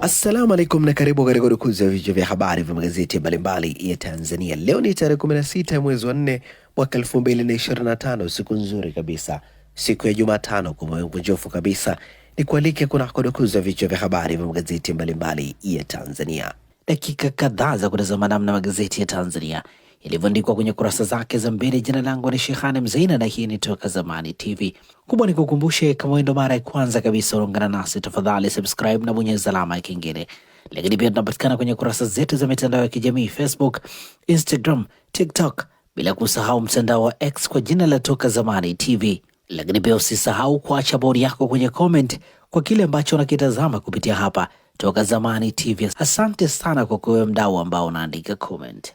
Assalamu alaikum na karibu katika udukuzi ya vichwa vya habari vya magazeti mbalimbali ya Tanzania. Leo ni tarehe 16 mwezi wa 4 mwaka 2025, siku nzuri kabisa, siku ya Jumatano kumkunjofu kabisa. Ni kualike kuna dukuzi ya vichwa vya habari vya magazeti mbalimbali ya Tanzania, dakika kadhaa za kutazama namna magazeti ya Tanzania ilivyoandikwa kwenye kurasa zake za mbele. Jina langu ni Shehane Mzaina na hii ni Toka Zamani TV. Kubwa ni kukumbushe, kama wewe ndo mara ya kwanza kabisa unaungana nasi, tafadhali subscribe na bonyeza alama ya kengele. Lakini pia tunapatikana kwenye kurasa zetu za mitandao ya kijamii Facebook, Instagram, TikTok, bila kusahau mtandao wa X kwa jina la Toka Zamani TV. Lakini pia usisahau kuacha bodi yako kwenye comment kwa kile ambacho unakitazama kupitia hapa Toka Zamani TV. Asante sana kwa kuwe mdau ambao unaandika comment.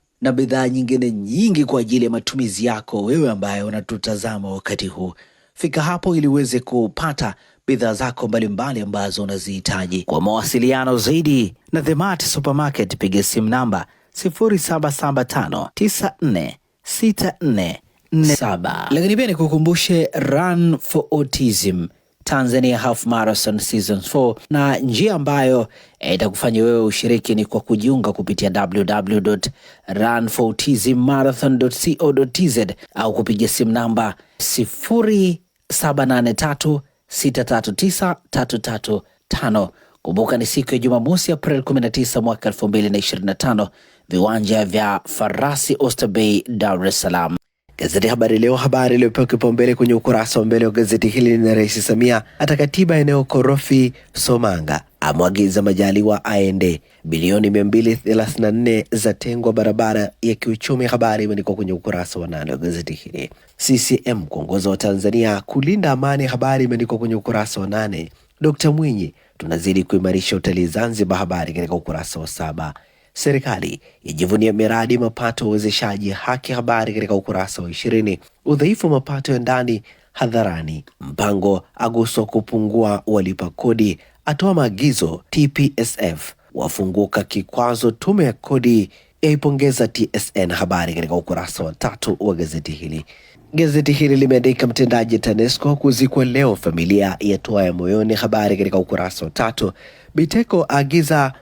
na bidhaa nyingine nyingi kwa ajili ya matumizi yako wewe ambaye unatutazama wakati huu. Fika hapo ili uweze kupata bidhaa zako mbalimbali ambazo unazihitaji. Kwa mawasiliano zaidi na The Mart Supermarket, piga simu namba 0775946447. Lakini pia nikukumbushe Run for Autism Tanzania Half Marathon Season 4 na njia ambayo eh, itakufanya wewe ushiriki ni kwa kujiunga kupitia wwwrun au kupiga simu namba 0783639335. Kumbuka ni siku ya Jumamosi, April 19 mwaka 2025, viwanja vya Farasi Oysterbay, Dar es Salaam. Gazeti Habari Leo, habari iliyopewa kipaumbele kwenye ukurasa wa mbele wa gazeti hili ni Rais Samia atakatiba eneo korofi Somanga, amwagiza Majaliwa aende. Bilioni 234 za tengwa barabara ya kiuchumi, habari imeandikwa kwenye ukurasa wa nane wa gazeti hili. CCM kuongoza wa Tanzania kulinda amani, habari imeandikwa kwenye ukurasa wa nane. Dkt Mwinyi, tunazidi kuimarisha utalii Zanzibar, habari katika ukurasa wa saba serikali ijivunia miradi mapato uwezeshaji haki habari katika ukurasa wa ishirini. Udhaifu wa mapato ya ndani hadharani. Mpango aguswa kupungua walipa kodi, atoa maagizo TPSF, wafunguka kikwazo tume ya kodi yaipongeza TSN. Habari katika ukurasa wa tatu wa gazeti hili. Gazeti hili limeandika mtendaji TANESCO kuzikwa leo, familia yatoa ya moyoni. Habari katika ukurasa wa tatu. Biteko aagiza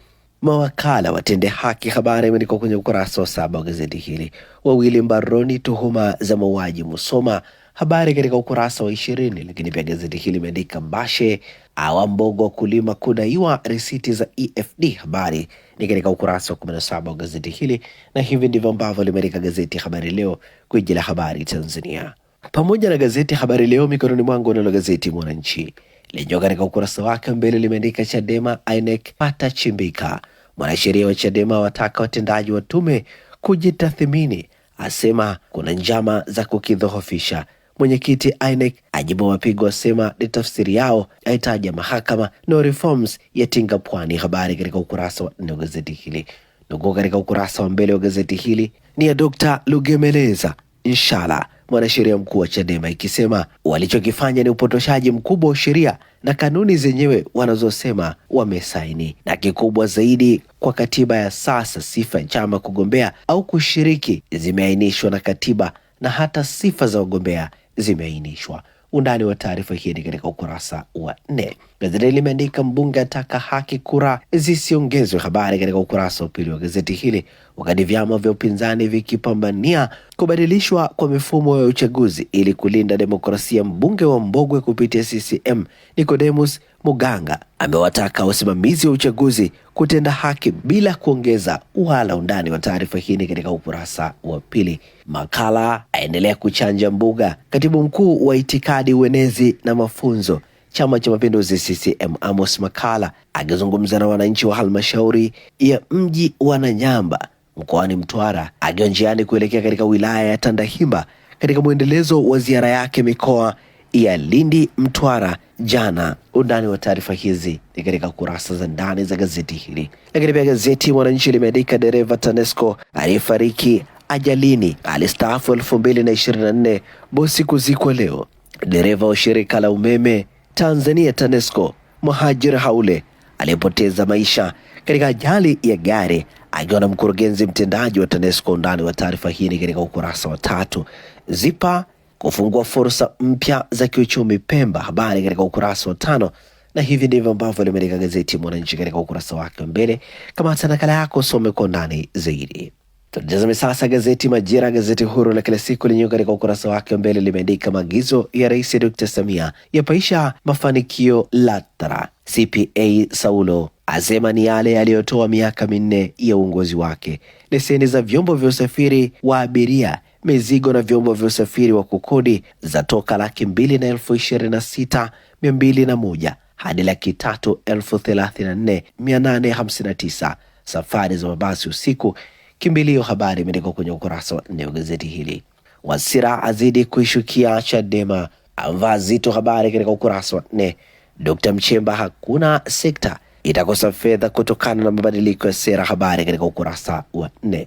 Mawakala watende haki, habari imeandikwa kwenye ukurasa wa saba wa gazeti hili. Wawili mbaroni tuhuma za mauaji Musoma, habari katika ukurasa wa ishirini. Lakini pia gazeti hili imeandika mbashe awa mbogo wakulima kudaiwa risiti za EFD, habari ni katika ukurasa wa kumi na saba wa gazeti hili, na hivi ndivyo ambavyo limeandika gazeti Habari Leo, kuijila habari Tanzania, pamoja na gazeti Habari Leo mikononi mwangu, nalo gazeti Mwananchi lenyewe katika ukurasa wake mbele limeandika Chadema INEC pata chimbika. Mwanasheria wa Chadema wataka watendaji wa tume kujitathimini asema kuna njama za kukidhoofisha. Mwenyekiti INEC ajibu mapigo, asema ni tafsiri yao, aitaja mahakama no reforms yatinga pwani. Habari katika ukurasa wa nne wa gazeti hili. Nukuu katika ukurasa wa mbele wa gazeti hili ni ya Dr. Lugemeleza inshallah mwanasheria mkuu wa Chadema ikisema walichokifanya ni upotoshaji mkubwa wa sheria na kanuni zenyewe wanazosema wamesaini, na kikubwa zaidi, kwa katiba ya sasa sifa ya chama kugombea au kushiriki zimeainishwa na katiba na hata sifa za wagombea zimeainishwa. Undani wa taarifa hii ni katika ukurasa wa nne. Gazeti limeandika mbunge ataka haki kura zisiongezwe, habari katika ukurasa wa pili wa gazeti hili, wakati vyama vya upinzani vikipambania kubadilishwa kwa mifumo ya uchaguzi ili kulinda demokrasia. Mbunge wa Mbogwe kupitia CCM Nicodemus Muganga amewataka wasimamizi wa uchaguzi kutenda haki bila kuongeza wala. Undani wa taarifa hii katika ukurasa wa pili. Makala aendelea kuchanja mbuga. Katibu mkuu wa itikadi, uenezi na mafunzo Chama cha Mapinduzi CCM Amos Makala akizungumza na wananchi wa halmashauri ya mji wa Nanyamba mkoani Mtwara akiwa njiani kuelekea katika wilaya ya Tandahimba katika mwendelezo wa ziara yake mikoa ya Lindi, Mtwara jana. Undani wa taarifa hizi ni katika kurasa za ndani za gazeti hili. Lakini pia gazeti Mwananchi limeandika dereva TANESCO aliyefariki ajalini alistaafu elfu mbili na ishirini na nne bosi kuzikwa leo. Dereva wa shirika la umeme Tanzania TANESCO Muhajir Haule aliyepoteza maisha katika ajali ya gari akiwa na mkurugenzi mtendaji wa TANESCO. Undani wa taarifa hii ni katika ukurasa wa tatu. Zipa kufungua fursa mpya za kiuchumi Pemba. Habari katika ukurasa wa tano, na hivi ndivyo ambavyo limeandika gazeti Mwananchi katika ukurasa wake wa mbele. hata nakala yako, some kwa ndani zaidi. Tutazame sasa gazeti Majira, gazeti huru la kila siku lenyewe, katika ukurasa wake wa mbele limeandika maagizo ya Rais Dr Samia yapaisha mafanikio LATRA. CPA Saulo asema ni yale yaliyotoa miaka minne ya uongozi wake. Leseni za vyombo vya usafiri wa abiria mizigo na vyombo vya usafiri wa kukodi zatoka laki mbili na elfu ishirini na sita mia mbili na moja hadi laki tatu elfu thelathini na nne mia nane hamsini na tisa. Safari za mabasi usiku, kimbilio. Habari imeandikwa kwenye ukurasa wa nne wa gazeti hili. Wasira azidi kuishukia Chadema, avaa zito. Habari katika ukurasa wa nne. Dkt Mchemba, hakuna sekta itakosa fedha kutokana na mabadiliko ya sera. Habari katika ukurasa wa nne.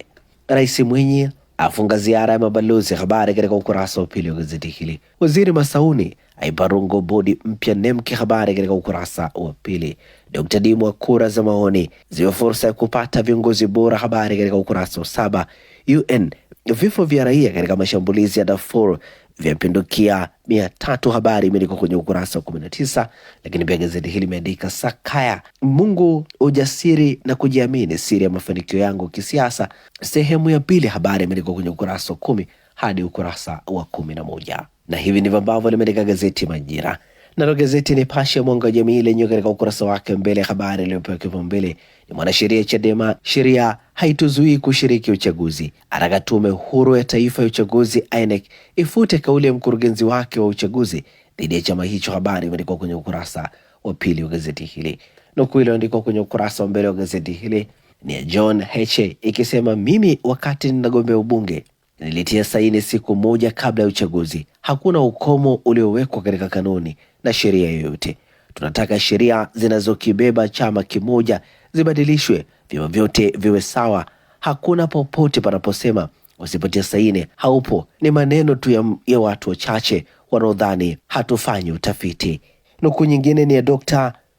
Rais Mwinyi afunga ziara ya mabalozi. Habari katika ukurasa wa pili wa gazeti hili. Waziri Masauni aiparungo bodi mpya NEMKI. Habari katika ukurasa wa pili. Dkt Dimwa, kura za maoni ziwe fursa ya kupata viongozi bora. Habari katika ukurasa wa saba. UN, vifo vya raia katika mashambulizi ya Darfur vyapindukia mia tatu. Habari imeandikwa kwenye ukurasa wa kumi na tisa. Lakini pia gazeti hili imeandika Sakaya, Mungu ujasiri na kujiamini, siri ya mafanikio yangu kisiasa, sehemu ya pili. Habari imeandikwa kwenye ukurasa wa kumi hadi ukurasa wa kumi na moja, na hivi ndivyo ambavyo limeandika gazeti Majira. Nalo gazeti Nipashe ya mwanga wa jamii lenyewe katika ukurasa wake mbele, habari iliyopewa kipaumbele ni mwanasheria Chadema, sheria haituzuii kushiriki uchaguzi. Ataka tume huru ya taifa ya uchaguzi INEC ifute kauli ya mkurugenzi wake wa uchaguzi dhidi ya chama hicho. Habari imeandikwa kwenye ukurasa wa pili wa gazeti hili. Nukuu iliyoandikwa kwenye ukurasa wa mbele wa gazeti hili ni ya John Heche ikisema, mimi wakati ninagombea ubunge nilitia saini siku moja kabla ya uchaguzi. Hakuna ukomo uliowekwa katika kanuni na sheria yoyote. Tunataka sheria zinazokibeba chama kimoja zibadilishwe, vyama vyote viwe sawa. Hakuna popote panaposema wasipotia saini haupo, ni maneno tu ya, ya watu wachache wanaodhani hatufanyi utafiti. nuku nyingine ni ya Dkt.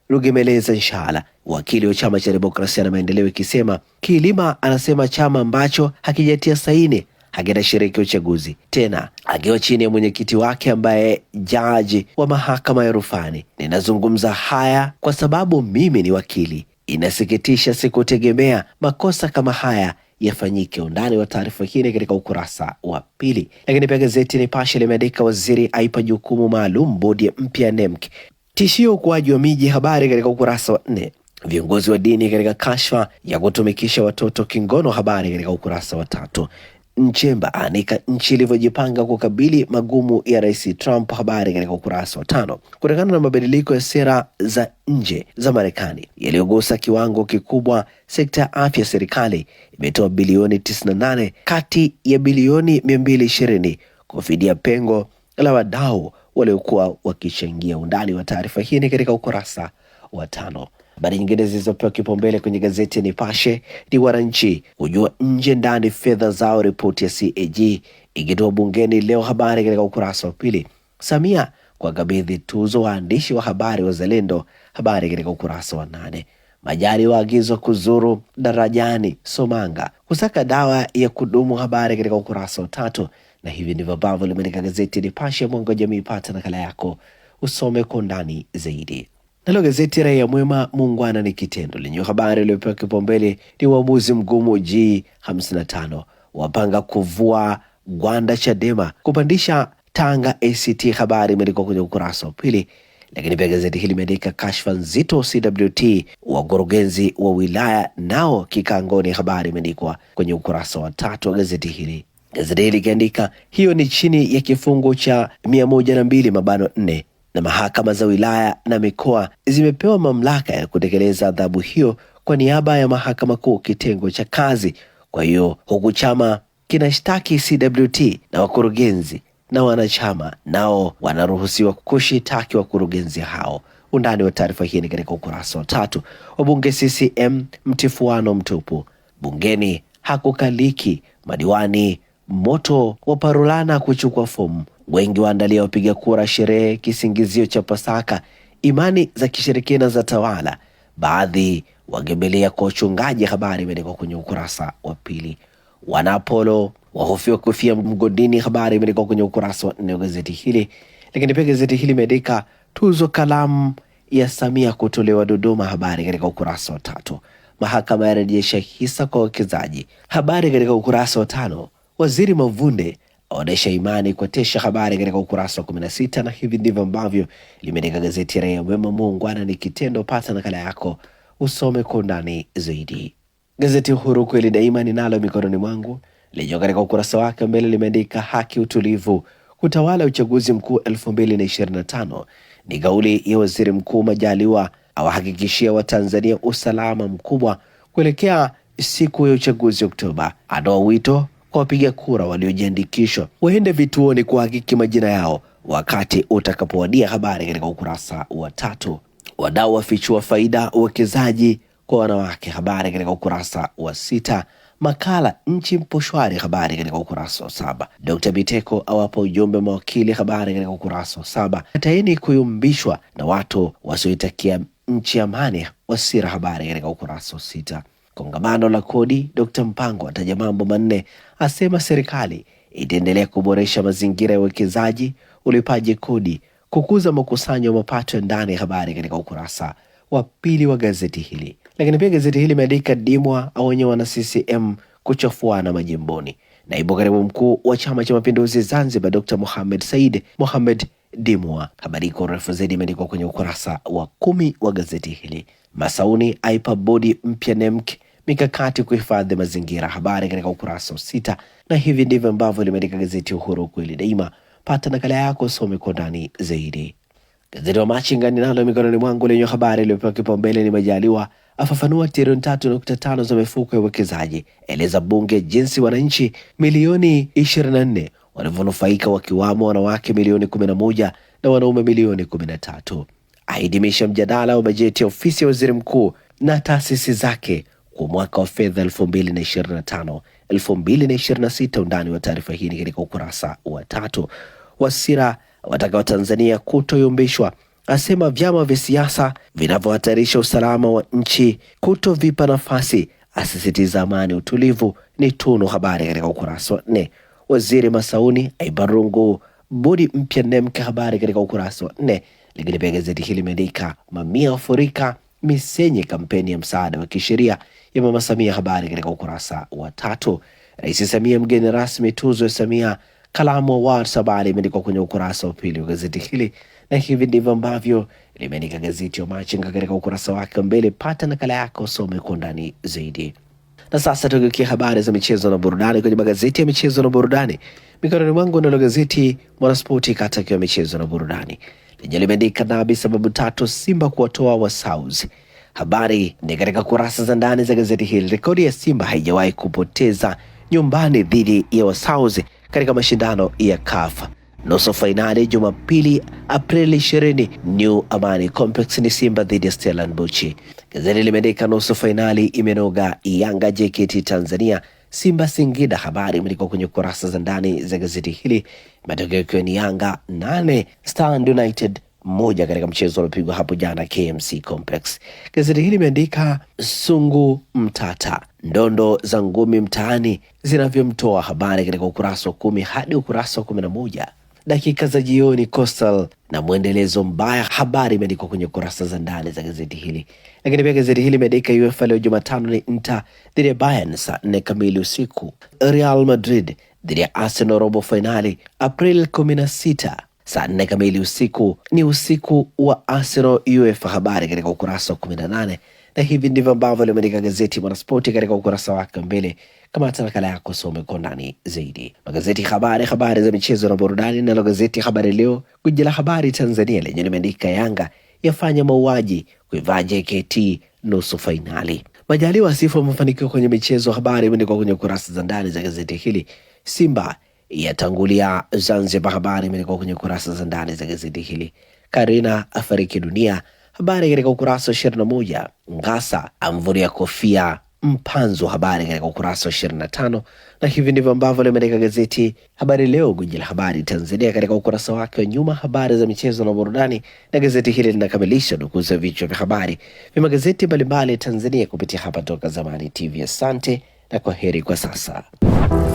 Rugemeleza Nshala, wakili wa chama cha demokrasia na maendeleo, ikisema Kilima anasema chama ambacho hakijatia saini hakitashiriki uchaguzi tena, akiwa chini ya mwenyekiti wake ambaye jaji wa mahakama ya rufani. Ninazungumza haya kwa sababu mimi ni wakili Inasikitisha, sikutegemea makosa kama haya yafanyike. Undani wa taarifa hii ni katika ukurasa wa pili. Lakini pia gazeti Nipashe limeandika waziri aipa jukumu maalum bodi mpya NEMC tishio ukuaji wa miji, habari katika ukurasa wa nne. Viongozi wa dini katika kashfa ya kutumikisha watoto kingono, habari katika ukurasa wa tatu. Nchemba aanika nchi ilivyojipanga kukabili magumu ya Rais Trump. Habari katika ukurasa wa tano. Kutokana na mabadiliko ya sera za nje za Marekani yaliyogusa kiwango kikubwa sekta ya afya, serikali imetoa bilioni 98 kati ya bilioni 220 kufidia pengo la wadau waliokuwa wakichangia. Undani wa taarifa hii ni katika ukurasa wa tano. Habari nyingine zilizopewa kipaumbele kwenye gazeti ya Nipashe ni wananchi kujua nje ndani fedha zao, ripoti ya CAG ikitoa bungeni leo, habari katika ukurasa wa pili. Samia kuwakabidhi tuzo waandishi wa habari wazalendo, habari katika ukurasa wa nane. Majari waagizwa kuzuru darajani Somanga kusaka dawa ya kudumu, habari katika ukurasa wa tatu. Na hivi ndivyo ambavyo limeandika gazeti Nipashe. Mwanga wa Jamii, pata nakala yako usome kwa undani zaidi. Nalo gazeti Raia Mwema, muungwana ni kitendo, lenye habari iliyopewa kipaumbele ni uamuzi mgumu G55, wapanga kuvua gwanda Chadema kupandisha Tanga ACT. Habari imeandikwa kwenye ukurasa wa pili. Lakini pia gazeti hili limeandika kashfa nzito CWT, wakurugenzi wa wilaya nao kikangoni. Habari imeandikwa kwenye ukurasa wa tatu wa gazeti hili. Gazeti hili likiandika hiyo ni chini ya kifungu cha mia moja na mbili mabano nne na mahakama za wilaya na mikoa zimepewa mamlaka ya kutekeleza adhabu hiyo kwa niaba ya mahakama kuu kitengo cha kazi. Kwa hiyo huku chama kinashtaki CWT na wakurugenzi na wanachama nao wanaruhusiwa kushitaki wakurugenzi hao. Undani wa taarifa hii ni katika ukurasa wa tatu. Wabunge CCM mtifuano mtupu bungeni, hakukaliki. Madiwani moto wa parulana kuchukua fomu Wengi waandalia wapiga kura sherehe, kisingizio cha Pasaka, imani za kishirikina za tawala, baadhi wagembelea kwa uchungaji. Habari imeandikwa kwenye ukurasa wa pili. Wanapolo wahofiwa kufia mgodini, habari imeandikwa kwenye ukurasa wa nne wa gazeti hili. Lakini pia gazeti hili imeandika tuzo kalamu ya Samia kutolewa Dodoma, habari katika ukurasa wa tatu. Mahakama yarejesha hisa kwa wawekezaji, habari katika ukurasa wa tano. Waziri Mavunde waonyesha imani tesha habari katika ukurasa wa kumi na sita na hivi ndivyo ambavyo limeandika gazeti ya Raia Mwema. Muungwana ni kitendo, pata nakala yako usome kwa undani zaidi. Gazeti Uhuru kweli daima ninalo mikononi mwangu lenyewe, katika ukurasa wake mbele limeandika haki, utulivu kutawala uchaguzi mkuu 2025 ni kauli ya Waziri Mkuu Majaliwa, awahakikishia Watanzania usalama mkubwa kuelekea siku ya uchaguzi Oktoba. Atoa wito kwa wapiga kura waliojiandikishwa waende vituoni kuhakiki majina yao wakati utakapowadia. Habari katika ukurasa wa tatu. Wadau wafichua faida uwekezaji kwa wanawake, habari katika ukurasa wa sita. Makala nchi mposhwari habari katika ukurasa wa saba. Dkt Biteko awapa ujumbe mawakili, habari katika ukurasa wa saba. Kataeni kuyumbishwa na watu wasioitakia nchi amani, Wasira, habari katika ukurasa wa sita kongamano la kodi, Dkt Mpango ataja mambo manne, asema serikali itaendelea kuboresha mazingira ya uwekezaji, ulipaji kodi, kukuza makusanyo ya mapato ya ndani. Habari katika ukurasa wa pili wa gazeti hili. Lakini pia gazeti hili imeandika Dimwa aonye wana CCM kuchafuana majimboni. Naibu katibu mkuu wa Chama cha Mapinduzi Zanzibar Dr Mohamed Said Mohamed Dimwa. Habari iko refu zaidi imeandikwa kwenye ukurasa wa kumi wa gazeti hili. Masauni aipa bodi mpya NEMC mikakati kuhifadhi mazingira, habari katika ukurasa wa sita. Na hivi ndivyo ambavyo limeandika gazeti ya Uhuru kweli daima. Pata nakala yako, usome kwa ndani zaidi. Gazeti wa Machinga ninalo mikononi mwangu lenye habari iliyopewa kipaumbele ni Majaliwa afafanua trilioni tatu nukta tano za mifuko ya uwekezaji, eleza bunge jinsi wananchi milioni 24 wanavyonufaika wakiwamo wanawake milioni 11 na wanaume milioni 13. Ahidimisha mjadala wa bajeti ya ofisi ya waziri mkuu na taasisi zake kwa mwaka wa fedha 2025 2026. Undani wa taarifa hii ni katika ukurasa wa tatu. Wasira wataka Tanzania kutoyumbishwa, asema vyama vya siasa vinavyohatarisha usalama wa nchi kutovipa nafasi, asisitiza amani utulivu ni tunu. Habari katika ukurasa wa nne. Waziri Masauni aibarungu bodi mpya nemke habari katika ukurasa wa nne. Lakini pia gazeti hili limeandika mamia wafurika misenye kampeni ya msaada wa kisheria ya Mama Samia. Habari katika ukurasa wa tatu. Rais Samia mgeni rasmi tuzo ya Samia Kalamu Awards. Habari imeandikwa kwenye ukurasa wa pili wa gazeti hili, na hivi ndivyo ambavyo limeandika gazeti ya Machinga katika ukurasa wake mbele. Pata nakala yako, some kwa undani zaidi. Na sasa tugeukia habari za michezo na burudani kwenye magazeti ya michezo na burudani mikononi mwangu, nalo gazeti Mwanaspoti kata akiwa michezo na burudani lenye limeandika Nabi sababu tatu Simba kuwatoa Wasauzi. Habari ni katika kurasa za ndani za gazeti hili. Rekodi ya Simba haijawahi kupoteza nyumbani dhidi ya Wasauzi katika mashindano ya kafa Nusu fainali Jumapili, Aprili ishirini New Amani Complex ni Simba dhidi ya Stellenbosch. Gazeti limeandika nusu fainali imenoga Yanga JKT Tanzania Simba Singida. Habari imeandikwa kwenye kurasa za ndani za gazeti hili, matokeo ikiwa ni Yanga nane Stand United moja katika mchezo uliopigwa hapo jana KMC Complex. Gazeti hili limeandika sungu mtata, ndondo za ngumi mtaani zinavyomtoa, habari katika ukurasa wa kumi hadi ukurasa wa kumi na moja dakika za jioni Coastal na mwendelezo mbaya. Habari imeandikwa kwenye kurasa za ndani za gazeti hili, lakini pia gazeti hili imeandika UEFA leo Jumatano ni Inter dhidi ya Bayern saa nne kamili usiku, Real Madrid dhidi ya Arsenal robo fainali April kumi na sita saa nne kamili usiku ni usiku wa Arsenal UEFA, habari katika ukurasa wa kumi na nane na hivi ndivyo ambavyo limeandika gazeti Mwanaspoti katika ukurasa wake mbele. Kama nakala yako some kwa ndani zaidi. Magazeti habari, habari za michezo na burudani. Nalo gazeti Habari Leo, gwiji la habari Tanzania, lenye limeandika Yanga yafanya mauaji kuivaa JKT nusu fainali. Majaliwa asifu mafanikio kwenye michezo. Habari imeandikwa kwenye kurasa za ndani za gazeti hili. Simba yatangulia Zanzibar. Habari imeandikwa kwenye kurasa za ndani za gazeti hili. Karina afariki dunia habari katika ukurasa wa ishirini na moja. Ngasa amvulia kofia Mpanzu, habari katika ukurasa wa ishirini na tano. Na hivi ndivyo ambavyo limeandika gazeti Habari Leo, gwiji la habari Tanzania, katika ukurasa wake wa nyuma, habari za michezo na burudani. Na gazeti hili linakamilisha ya vichwa vya habari vya magazeti mbalimbali Tanzania kupitia hapa Toka Zamani TV. Asante na kwa heri kwa sasa.